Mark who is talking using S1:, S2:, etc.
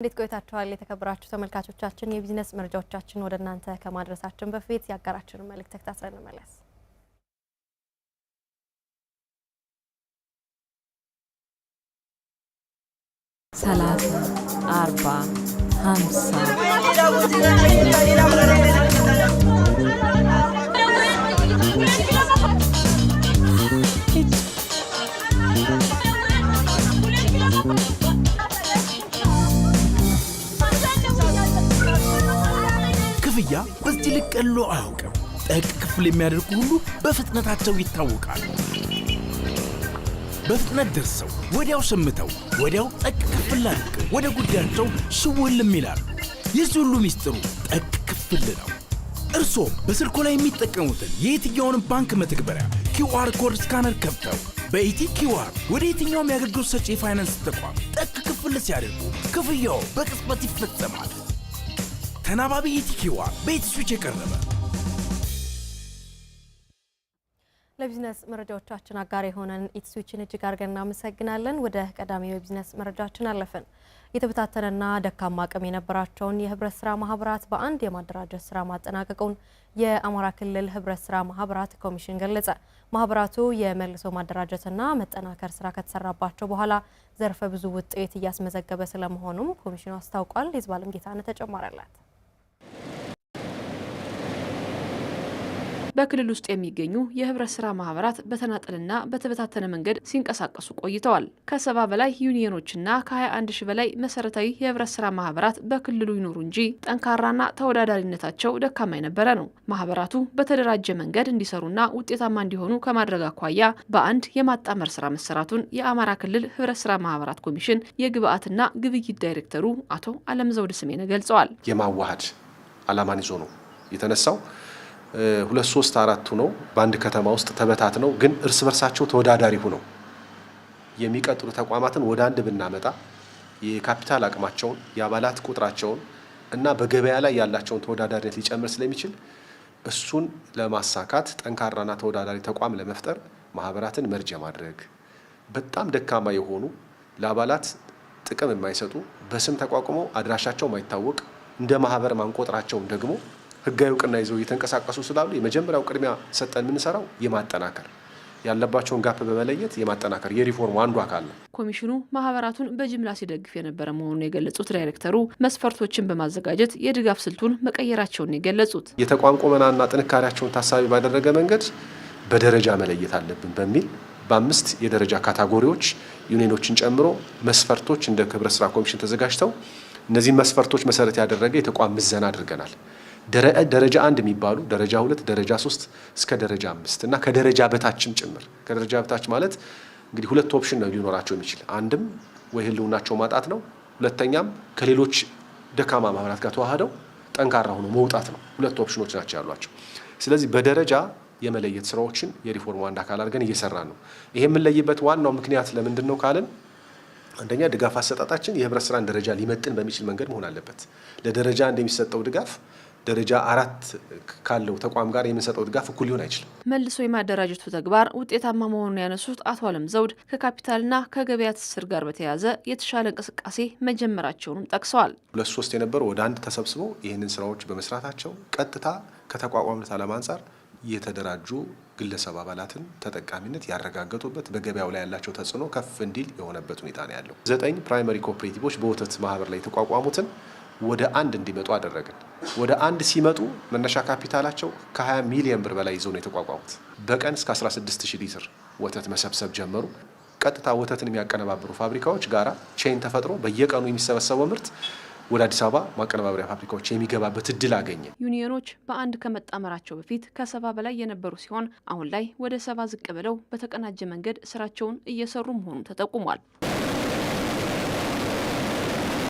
S1: እንዴት ቆይታችኋል? የተከበራችሁ ተመልካቾቻችን የቢዝነስ መረጃዎቻችን ወደ እናንተ ከማድረሳችን በፊት የአጋራችን መልእክት ተከታትለን እንመለስ።
S2: ሰላሳ አርባ ሀምሳ
S3: በዚህ ልክ ቀሎ አያውቅም። ጠቅ ክፍል የሚያደርጉ ሁሉ በፍጥነታቸው ይታወቃሉ። በፍጥነት ደርሰው ወዲያው ሰምተው ወዲያው ጠቅ ክፍል አድርገው ወደ ጉዳያቸው ሽውልም ይላሉ። የዚህ ሁሉ ሚስጥሩ ጠቅ ክፍል ነው። እርስዎም በስልኮ ላይ የሚጠቀሙትን የየትኛውንም ባንክ መተግበሪያ ኪውአር ኮድ ስካነር ከፍተው በኢቲ ኪውአር ወደ የትኛውም የአገልግሎት ሰጪ የፋይናንስ ተቋም ጠቅ ክፍል ሲያደርጉ ክፍያው በቅጽበት ይፈጸማል። ተናባቢ ኢቲኪዋ ቤትስዊች የቀረበ
S1: ለቢዝነስ መረጃዎቻችን አጋር የሆነን ኢትስዊችን እጅግ አድርገን እናመሰግናለን። ወደ ቀዳሚው የቢዝነስ መረጃችን አለፍን። የተበታተነና ደካማ አቅም የነበራቸውን የህብረት ስራ ማህበራት በአንድ የማደራጀት ስራ ማጠናቀቁን የአማራ ክልል ህብረት ስራ ማህበራት ኮሚሽን ገለጸ። ማህበራቱ የመልሶ ማደራጀትና መጠናከር ስራ ከተሰራባቸው በኋላ ዘርፈ ብዙ ውጤት እያስመዘገበ ስለመሆኑም ኮሚሽኑ አስታውቋል። ይዝባለም ጌታነ ተጨማሪ አላት።
S2: በክልል ውስጥ የሚገኙ የህብረት ስራ ማህበራት በተናጠልና በተበታተነ መንገድ ሲንቀሳቀሱ ቆይተዋል። ከሰባ በላይ ዩኒየኖችና ከ21 ሺ በላይ መሰረታዊ የህብረት ስራ ማህበራት በክልሉ ይኖሩ እንጂ ጠንካራና ተወዳዳሪነታቸው ደካማ የነበረ ነው። ማህበራቱ በተደራጀ መንገድ እንዲሰሩና ውጤታማ እንዲሆኑ ከማድረግ አኳያ በአንድ የማጣመር ስራ መሰራቱን የአማራ ክልል ህብረት ስራ ማህበራት ኮሚሽን የግብአትና ግብይት ዳይሬክተሩ አቶ አለምዘውድ ስሜነ ገልጸዋል።
S4: የማዋሃድ አላማን ይዞ ነው የተነሳው። ሁለት ሶስት አራት ሁነው በአንድ ከተማ ውስጥ ተበታትነው ግን እርስ በርሳቸው ተወዳዳሪ ሁነው የሚቀጥሉ ተቋማትን ወደ አንድ ብናመጣ የካፒታል አቅማቸውን የአባላት ቁጥራቸውን እና በገበያ ላይ ያላቸውን ተወዳዳሪነት ሊጨምር ስለሚችል እሱን ለማሳካት ጠንካራና ተወዳዳሪ ተቋም ለመፍጠር ማህበራትን መርጅ ማድረግ በጣም ደካማ የሆኑ ለአባላት ጥቅም የማይሰጡ በስም ተቋቁመው አድራሻቸው ማይታወቅ እንደ ማህበር ማንቆጥራቸውን ደግሞ ህጋዊ እውቅና ይዘው እየተንቀሳቀሱ ስላሉ የመጀመሪያው ቅድሚያ ሰጠን የምንሰራው የማጠናከር ያለባቸውን ጋፕ በመለየት የማጠናከር የሪፎርሙ አንዱ አካል ነው።
S2: ኮሚሽኑ ማህበራቱን በጅምላ ሲደግፍ የነበረ መሆኑን የገለጹት ዳይሬክተሩ መስፈርቶችን በማዘጋጀት የድጋፍ ስልቱን መቀየራቸውን የገለጹት
S4: የተቋም ቁመናና ጥንካሬያቸውን ታሳቢ ባደረገ መንገድ በደረጃ መለየት አለብን በሚል በአምስት የደረጃ ካታጎሪዎች ዩኒኖችን ጨምሮ መስፈርቶች እንደ ህብረት ስራ ኮሚሽን ተዘጋጅተው እነዚህን መስፈርቶች መሰረት ያደረገ የተቋም ምዘና አድርገናል። ደረጃ አንድ የሚባሉ ደረጃ ሁለት፣ ደረጃ ሶስት እስከ ደረጃ አምስት እና ከደረጃ በታችም ጭምር። ከደረጃ በታች ማለት እንግዲህ ሁለት ኦፕሽን ነው ሊኖራቸው የሚችል አንድም ወይ ህልውናቸው ማጣት ነው፣ ሁለተኛም ከሌሎች ደካማ ማህበራት ጋር ተዋህደው ጠንካራ ሆኖ መውጣት ነው። ሁለት ኦፕሽኖች ናቸው ያሏቸው። ስለዚህ በደረጃ የመለየት ስራዎችን የሪፎርም አንድ አካል አድርገን እየሰራ ነው። ይሄ የምንለይበት ዋናው ምክንያት ለምንድን ነው ካልን አንደኛ ድጋፍ አሰጣጣችን የህብረት ስራን ደረጃ ሊመጥን በሚችል መንገድ መሆን አለበት። ለደረጃ እንደሚሰጠው የሚሰጠው ድጋፍ ደረጃ አራት ካለው ተቋም ጋር የምንሰጠው ድጋፍ እኩል ሊሆን አይችልም።
S2: መልሶ የማደራጀቱ ተግባር ውጤታማ መሆኑን ያነሱት አቶ አለም ዘውድ ከካፒታልና ከገበያ ትስስር ጋር በተያያዘ የተሻለ እንቅስቃሴ መጀመራቸውንም ጠቅሰዋል።
S4: ሁለት ሶስት የነበሩ ወደ አንድ ተሰብስበው ይህንን ስራዎች በመስራታቸው ቀጥታ ከተቋቋምነት ዓላማ አንጻር የተደራጁ ግለሰብ አባላትን ተጠቃሚነት ያረጋገጡበት በገበያው ላይ ያላቸው ተጽዕኖ ከፍ እንዲል የሆነበት ሁኔታ ነው ያለው። ዘጠኝ ፕራይመሪ ኮኦፕሬቲቮች በወተት ማህበር ላይ የተቋቋሙትን ወደ አንድ እንዲመጡ አደረግን። ወደ አንድ ሲመጡ መነሻ ካፒታላቸው ከ20 ሚሊዮን ብር በላይ ይዘው ነው የተቋቋሙት። በቀን እስከ 16 ሺህ ሊትር ወተት መሰብሰብ ጀመሩ። ቀጥታ ወተትን የሚያቀነባብሩ ፋብሪካዎች ጋራ ቼን ተፈጥሮ በየቀኑ የሚሰበሰበው ምርት ወደ አዲስ አበባ ማቀነባበሪያ ፋብሪካዎች የሚገባበት እድል አገኘ።
S2: ዩኒየኖች በአንድ ከመጣመራቸው በፊት ከሰባ በላይ የነበሩ ሲሆን አሁን ላይ ወደ ሰባ ዝቅ ብለው በተቀናጀ መንገድ ስራቸውን እየሰሩ መሆኑን ተጠቁሟል።